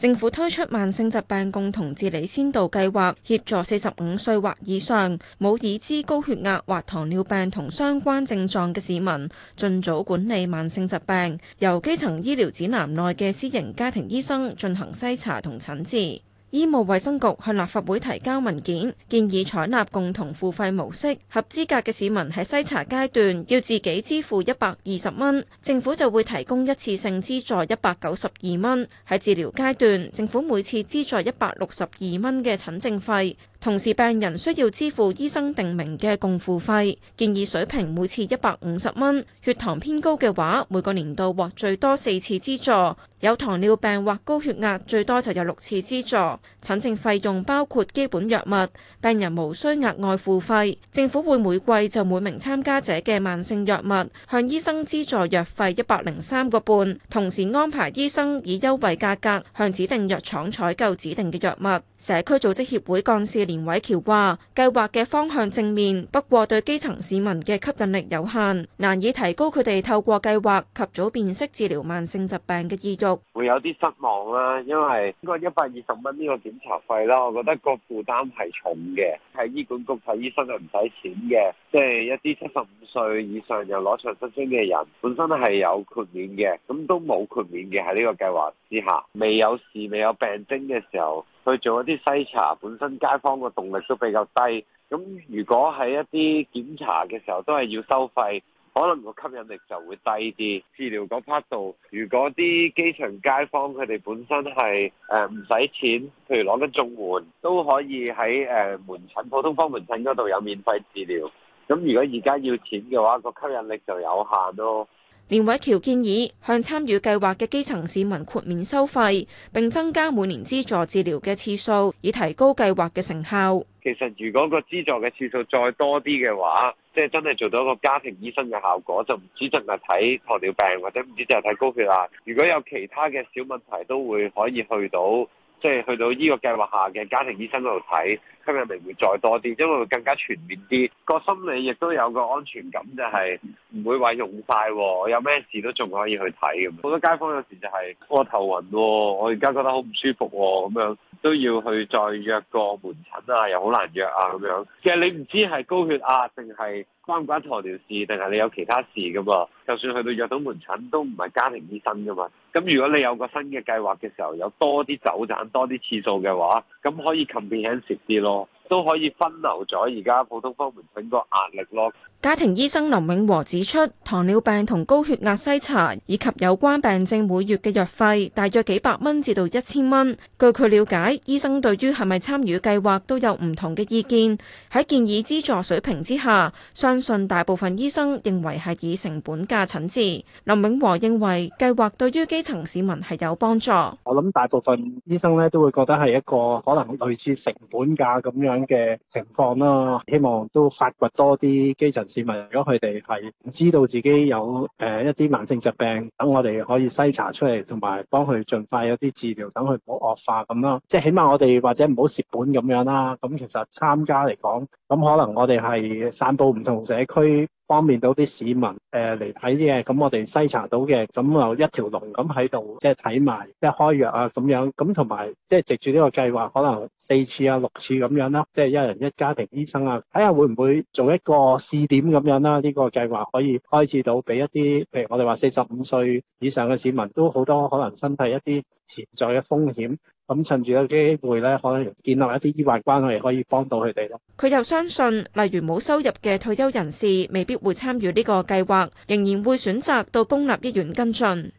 政府推出慢性疾病共同治理先導計劃，協助四十五歲或以上冇已知高血壓或糖尿病同相關症狀嘅市民，盡早管理慢性疾病，由基層醫療指南內嘅私營家庭醫生進行篩查同診治。醫務衛生局向立法會提交文件，建議採納共同付費模式。合資格嘅市民喺篩查階段要自己支付一百二十蚊，政府就會提供一次性資助一百九十二蚊。喺治療階段，政府每次資助一百六十二蚊嘅診症費。同時，病人需要支付醫生定名嘅共付費，建議水平每次一百五十蚊。血糖偏高嘅話，每個年度獲最多四次資助；有糖尿病或高血壓，最多就有六次資助。診症費用包括基本藥物，病人無需額外付費。政府會每季就每名參加者嘅慢性藥物向醫生資助藥費一百零三個半，同時安排醫生以優惠價格向指定藥廠採購指定嘅藥物。社區組織協會幹事，連偉橋話：計劃嘅方向正面，不過對基層市民嘅吸引力有限，難以提高佢哋透過計劃及早辨識治療慢性疾病嘅意慾。會有啲失望啦，因為呢個一百二十蚊呢個檢查費啦，我覺得個負擔係重嘅。係醫管局睇醫生係唔使錢嘅，即係一啲七十五歲以上又攞長生津嘅人，本身係有豁免嘅，咁都冇豁免嘅喺呢個計劃之下，未有事、未有病徵嘅時候，去做一啲篩查，本身街坊個動力都比較低。咁如果喺一啲檢查嘅時候都係要收費，可能個吸引力就會低啲。治療嗰 part 度，如果啲基層街坊佢哋本身係誒唔使錢，譬如攞緊綜援，都可以喺誒門診普通科門診嗰度有免費治療，咁如果而家要錢嘅話，個吸引力就有限咯。連偉橋建議向參與計劃嘅基層市民豁免收費，並增加每年資助治療嘅次數，以提高計劃嘅成效。其實如果個資助嘅次數再多啲嘅話，即係真係做到一個家庭醫生嘅效果，就唔止淨係睇糖尿病或者唔止淨係睇高血壓。如果有其他嘅小問題，都會可以去到即係去到呢個計劃下嘅家庭醫生度睇。今日咪會再多啲，因為會更加全面啲，個心理亦都有個安全感，就係唔會話用曬、哦，有咩事都仲可以去睇咁。好多街坊有時就係、是、我、哦、頭暈喎、哦，我而家覺得好唔舒服喎、哦，咁樣都要去再約個門診啊，又好難約啊咁樣。其實你唔知係高血壓定係關唔關糖尿病事，定係你有其他事噶嘛。就算去到約到門診都唔係家庭醫生噶嘛。咁如果你有個新嘅計劃嘅時候，有多啲走診多啲次數嘅話，咁可以 comprehensive 啲咯。都可以分流咗，而家普通科門診個壓力咯。家庭醫生林永和指出，糖尿病同高血壓篩查以及有關病症每月嘅藥費大約幾百蚊至到一千蚊。據佢了解，醫生對於係咪參與計劃都有唔同嘅意見。喺建議資助水平之下，相信大部分醫生認為係以成本價診治。林永和認為計劃對於基層市民係有幫助。我諗大部分醫生呢都會覺得係一個可能類似成本價咁樣嘅情況啦。希望都發掘多啲基層。市民如果佢哋係唔知道自己有誒、呃、一啲慢性疾病，等我哋可以篩查出嚟，同埋幫佢盡快有啲治療，等佢唔好惡化咁咯。即係起碼我哋或者唔好蝕本咁樣啦。咁、嗯、其實參加嚟講，咁、嗯、可能我哋係散佈唔同社區。方便到啲市民誒嚟睇嘅，咁、呃、我哋篩查到嘅，咁有一條龍咁喺度，即係睇埋，即、就、係、是、開藥啊咁樣，咁同埋即係藉住呢個計劃，可能四次啊六次咁樣啦，即係一人一家庭醫生啊，睇下會唔會做一個試點咁樣啦、啊？呢、這個計劃可以開始到俾一啲，譬如我哋話四十五歲以上嘅市民都好多，可能身體一啲潛在嘅風險。咁趁住個機會咧，可能建立一啲醫患關係，可以幫到佢哋咯。佢又相信，例如冇收入嘅退休人士，未必會參與呢個計劃，仍然會選擇到公立醫院跟進。